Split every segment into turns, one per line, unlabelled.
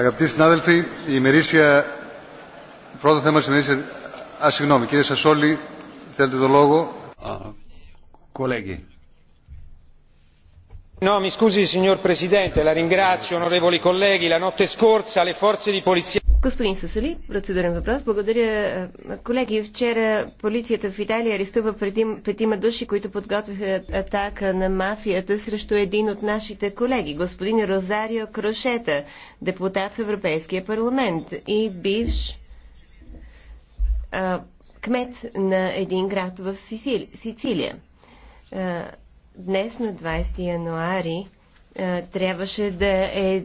Αγαπητοί συνάδελφοι, η ημερήσια... Πρώτο θέμα της ημερήσια... Α, συγγνώμη, κύριε Σασόλη, θέλετε το λόγο. Κολέγγι. No, mi scusi signor Presidente, la ringrazio, onorevoli colleghi. La notte scorsa le forze di polizia...
Господин Сасали, процедурен въпрос. Благодаря. Е, колеги, вчера полицията в Италия арестува петима души, които подготвиха атака на мафията срещу един от нашите колеги, господин Розарио Крошета, депутат в Европейския парламент и бивш а, кмет на един град в Сицилия. А, днес на 20 януари е, трябваше да е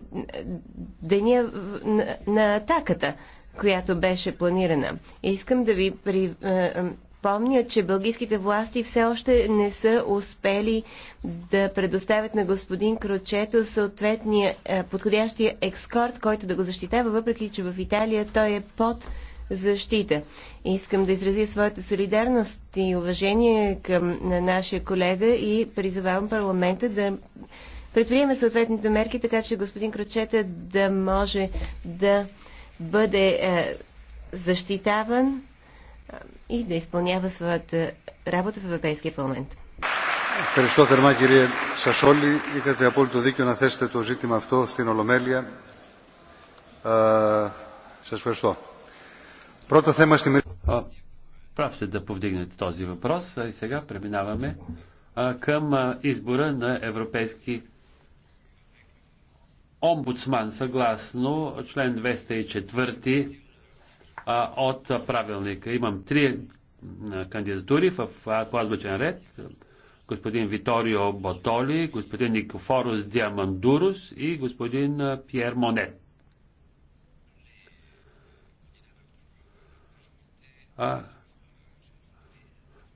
деня на, на атаката, която беше планирана. Искам да ви е, помня, че бългийските власти все още не са успели да предоставят на господин Крочето съответния е, подходящия екскорт, който да го защитава, въпреки че в Италия той е под защита. Искам да изразя своята солидарност и уважение към на нашия колега и призовавам парламента да предприема съответните мерки, така че господин Крочета да може да бъде е, защитаван е, и да изпълнява своята работа в Европейския парламент.
Ευχαριστώ θερμά κύριε Σασόλη. Είχατε απόλυτο δίκιο να θέσετε το ζήτημα αυτό στην Ολομέλεια. Ε, σας ευχαριστώ. Πρώτο θέμα
στη... Прав сте да повдигнете този въпрос. И сега преминаваме към избора на европейски омбудсман съгласно член 204 от правилника. Имам три кандидатури в клазбачен ред. Господин Виторио Ботоли, господин Никофорус Диамандурус и господин Пьер Монет. А,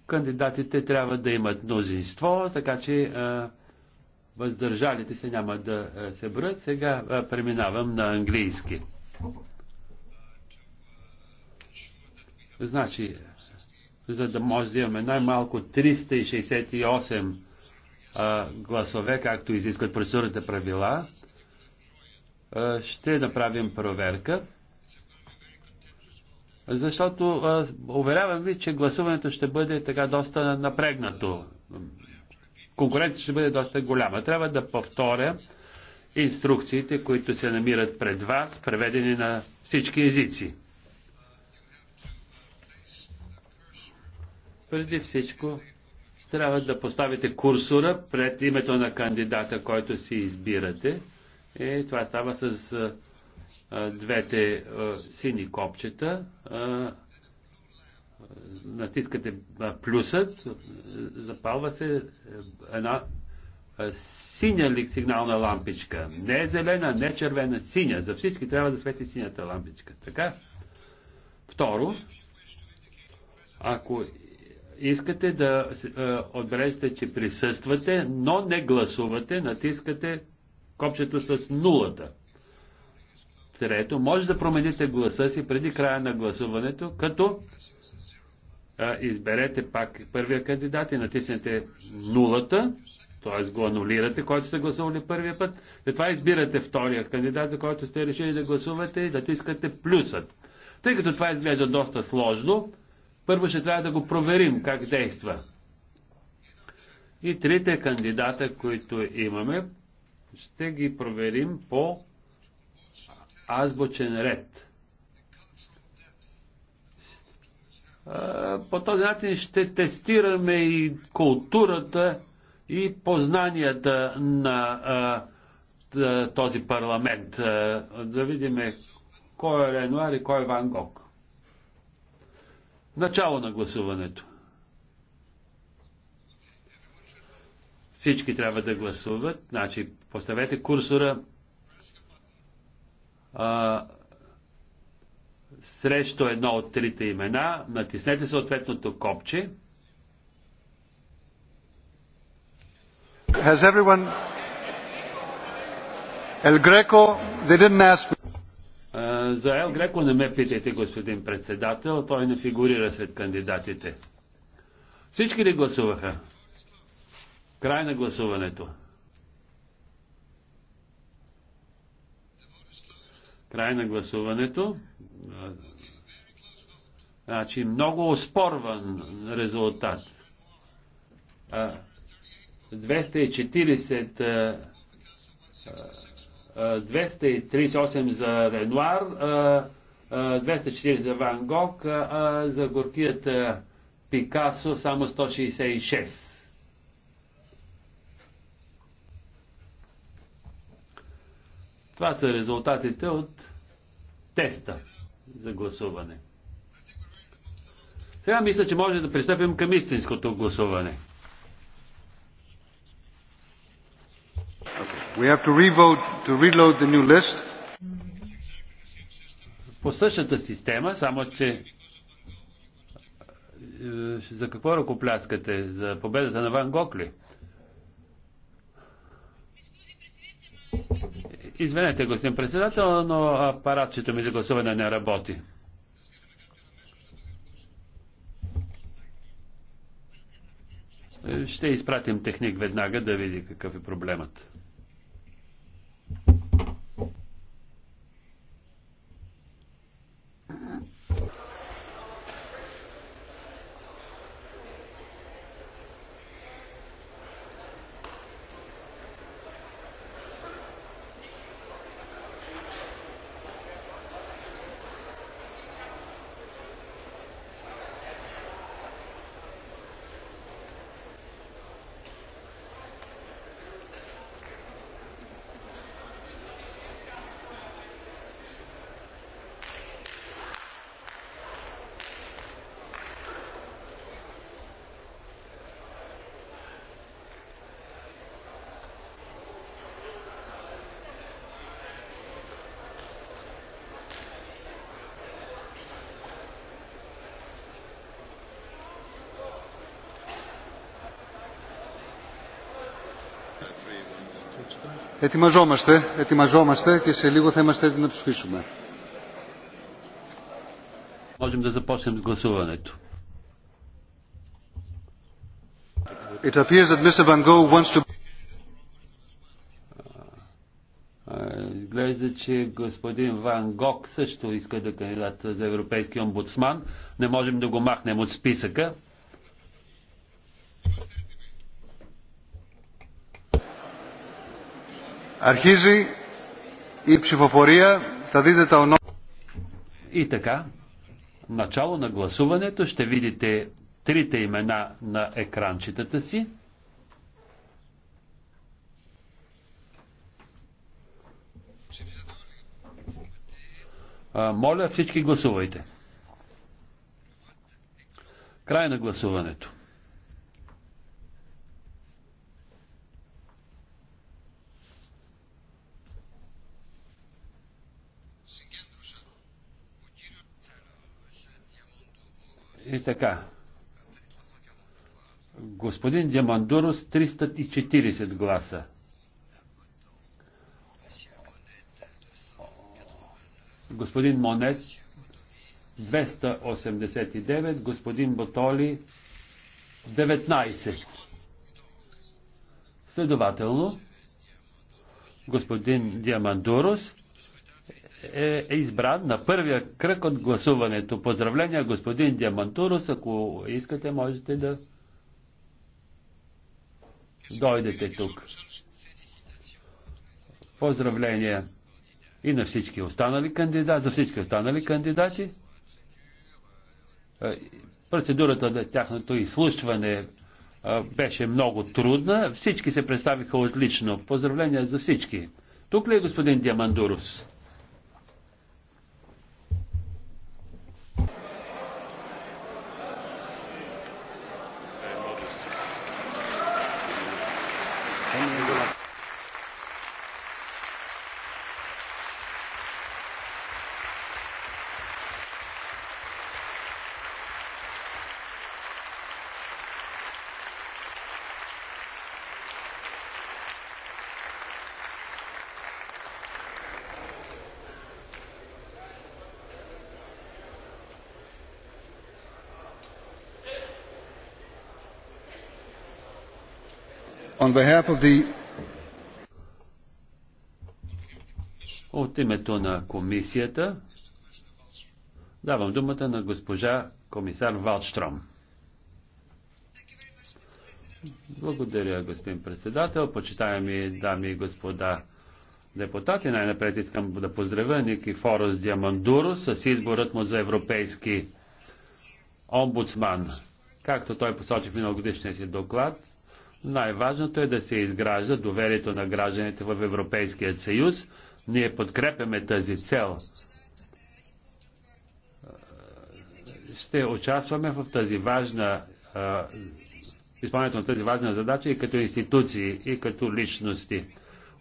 кандидатите трябва да имат мнозинство, така че а, въздържалите се няма да е, се брат. Сега е, преминавам на английски. Значи, за да може да имаме най-малко 368 а, гласове, както изискват процедурните правила, а, ще направим проверка. Защото а, уверявам ви, че гласуването ще бъде така доста напрегнато конкуренцията ще бъде доста голяма. Трябва да повторя инструкциите, които се намират пред вас, преведени на всички езици. Преди всичко, трябва да поставите курсора пред името на кандидата, който си избирате. И е, това става с двете сини копчета натискате плюсът, запалва се една синя сигнална лампичка. Не е зелена, не е червена, синя. За всички трябва да свети синята лампичка. Така? Второ, ако искате да отбележите, че присъствате, но не гласувате, натискате копчето с нулата. Трето, може да промените гласа си преди края на гласуването, като изберете пак първия кандидат и натиснете нулата, т.е. го анулирате, който сте гласували първия път, след това избирате втория кандидат, за който сте решили да гласувате и натискате плюсът. Тъй като това изглежда доста сложно, първо ще трябва да го проверим как действа. И трите кандидата, които имаме, ще ги проверим по азбочен ред. По този начин ще тестираме и културата и познанията на този парламент. Да видим кой е Ренуар и кой е Ван Гог. Начало на гласуването. Всички трябва да гласуват. Значи, поставете курсора а, срещу едно от трите имена, натиснете съответното копче.
Has everyone... El Greco, they didn't ask
me. за Ел Греко не ме питайте, господин председател. Той не фигурира сред кандидатите. Всички ли гласуваха? Край на гласуването. Край на гласуването. Значи много оспорван резултат. 240 238 за Ренуар, 240 за Ван Гог, за горкият Пикасо само 166. Това са резултатите от теста за гласуване. Сега мисля, че може да пристъпим към истинското гласуване. We have to reload, to reload the new list. По същата система, само че е, за какво ръкопляскате? За победата на Ван Гокли? Извинете, господин председател, но апаратчето ми за гласуване не работи. Ще изпратим техник веднага да види какъв е проблемът.
Ετοιμαζόμαστε, ετοιμαζόμαστε και σε λίγο θα είμαστε έτοιμοι να ψηφίσουμε.
Можем да започнем с гласуването.
It appears that Mr. Van Gogh wants to...
Изглежда, че господин Ван Гог също иска да кандидатства за европейски омбудсман. Не можем да го махнем от списъка.
Αρχίζει η ψηφοφορία. Θα δείτε τα ονόματα.
И така, начало на гласуването ще видите трите имена на екранчетата си. Моля всички гласувайте. Край на гласуването. И така. Господин Диамандуро с 340 гласа. Господин Монет 289, господин Ботоли 19. Следователно, господин Диамандурос е, е, избран на първия кръг от гласуването. Поздравления, господин Диамантурус. Ако искате, можете да дойдете тук. Поздравления и на всички останали кандидати, за всички останали кандидати. Е, процедурата за тяхното изслушване е, беше много трудна. Всички се представиха отлично. Поздравления за всички. Тук ли е господин Диамандурус? От името на комисията давам думата на госпожа комисар Валштром. Благодаря, господин председател. Почитаеми дами и господа депутати, най-напред искам да поздравя Никифорос Диамандуро с изборът му за европейски омбудсман. Както той посочи в миналогодишния си доклад, най-важното е да се изгражда доверието на гражданите в Европейския съюз. Ние подкрепяме тази цел. Ще участваме в тази важна изпълнението на тази важна задача и като институции, и като личности.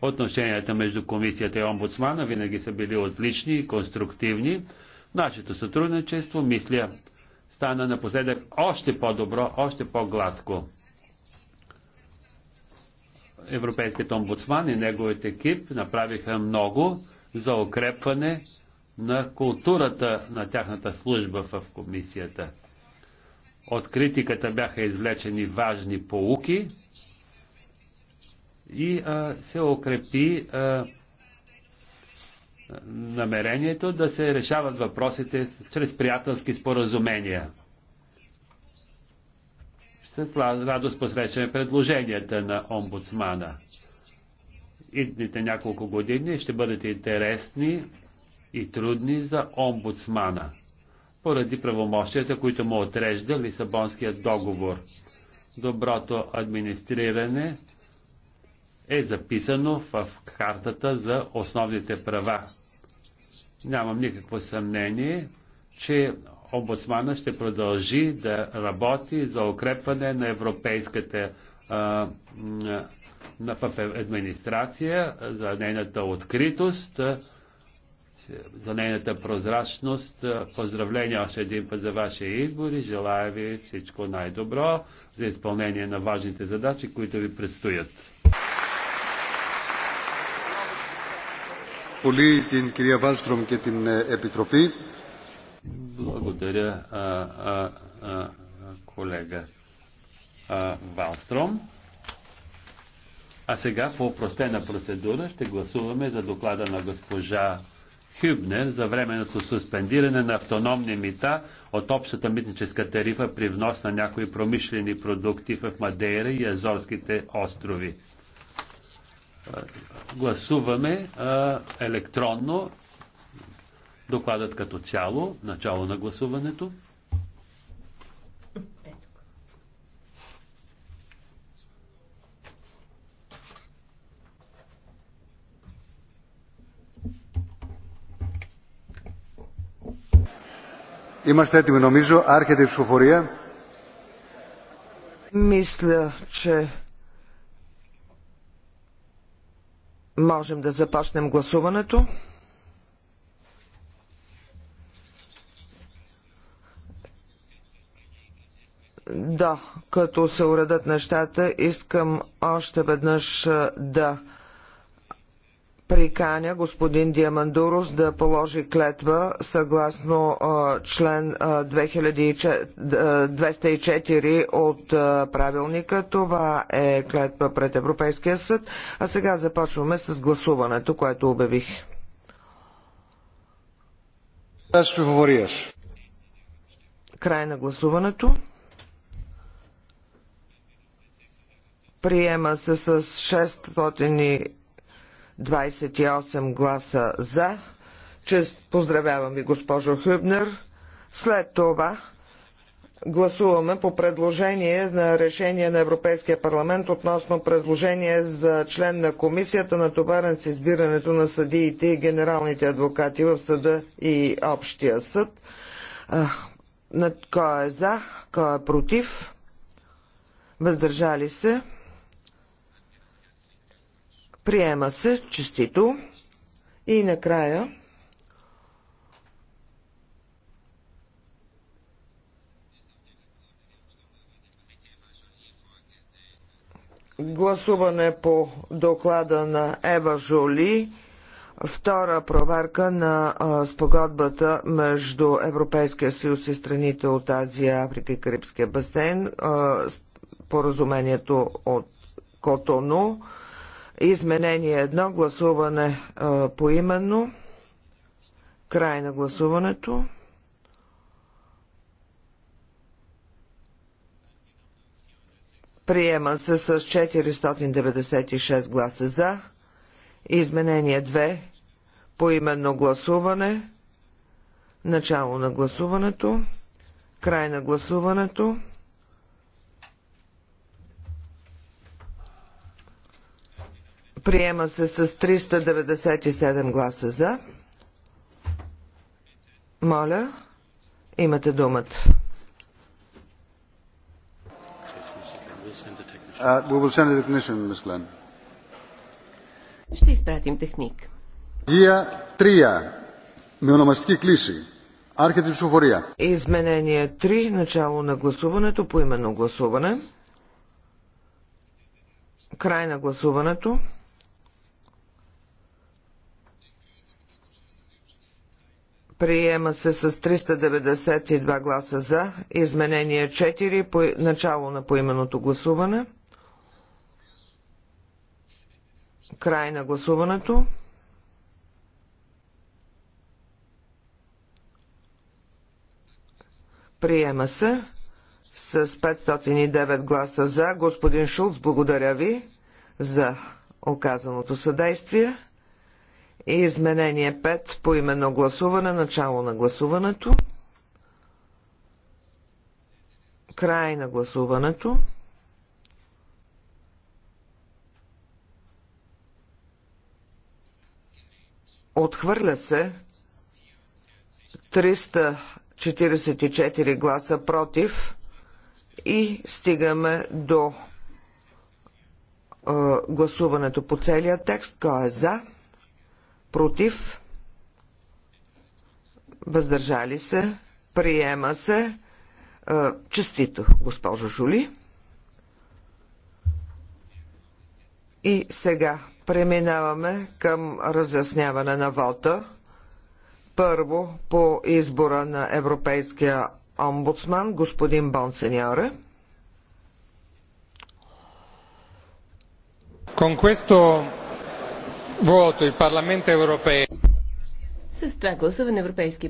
Отношенията между комисията и омбудсмана винаги са били отлични и конструктивни. Нашето сътрудничество, мисля, стана напоследък още по-добро, още по-гладко. Европейският омбудсман и неговият екип направиха много за укрепване на културата на тяхната служба в комисията. От критиката бяха извлечени важни полуки и а, се укрепи а, намерението да се решават въпросите чрез приятелски споразумения. С радост посрещаме предложенията на омбудсмана. Идните няколко години ще бъдат интересни и трудни за омбудсмана, поради правомощията, които му отрежда Лисабонският договор. Доброто администриране е записано в картата за основните права. Нямам никакво съмнение, че омбудсмана ще продължи да работи за укрепване на европейската а, на, администрация, за нейната откритост, за нейната прозрачност. Поздравления още един път за вашия избор и желая ви всичко най-добро за изпълнение на важните задачи, които ви предстоят. Πολύ
την κυρία Βάλστρομ και την е, Επιτροπή.
Благодаря, а, а, а, колега а, Валстром. А сега по простена процедура ще гласуваме за доклада на госпожа Хюбнер за временното суспендиране на автономни мита от общата митническа тарифа при внос на някои промишлени продукти в Мадейра и Азорските острови. Гласуваме електронно Докладът като цяло, начало на гласуването.
Είμαστε έτοιμοι νομίζω. Άρχεται η ψηφοφορία.
Мисля, че можем да започнем гласуването. Да, като се уредат нещата, искам още веднъж да приканя господин Диамандурус да положи клетва съгласно член 204 от правилника. Това е клетва пред Европейския съд. А сега започваме с гласуването, което обявих. Край на гласуването. Приема се с 628 гласа за. Чест поздравявам и госпожо Хюбнер. След това гласуваме по предложение на решение на Европейския парламент относно предложение за член на комисията на товарен с избирането на съдиите и генералните адвокати в съда и общия съд. Кой е за, кой е против, въздържали се. Приема се. Честито. И накрая. Гласуване по доклада на Ева Жоли втора проверка на спогодбата между Европейския съюз и страните от Азия, Африка и Карибския басейн, Поразумението от Котону. Изменение едно, гласуване по поименно. Край на гласуването. Приема се с 496 гласа за. Изменение 2. Поименно гласуване. Начало на гласуването. Край на гласуването. Приема се с 397 гласа за. Моля, имате думата.
Uh,
Ще изпратим техник. Гия Трия. Меономастики клиши. κλίση. Άρχεται Изменение 3. Начало на гласуването. по именно гласуване. Край на гласуването. Приема се с 392 гласа за. Изменение 4. По... Начало на поименното гласуване. Край на гласуването. Приема се с 509 гласа за. Господин Шулц, благодаря ви за оказаното съдействие. Изменение 5 по именно гласуване. Начало на гласуването. Край на гласуването. Отхвърля се 344 гласа против и стигаме до гласуването по целия текст. Кой е за? против, въздържали се, приема се. Честито, госпожо Жули. И сега преминаваме към разясняване на вота. Първо по избора на Европейския омбудсман, господин Бонсеньоре. Con questo
с това гласува на Европейския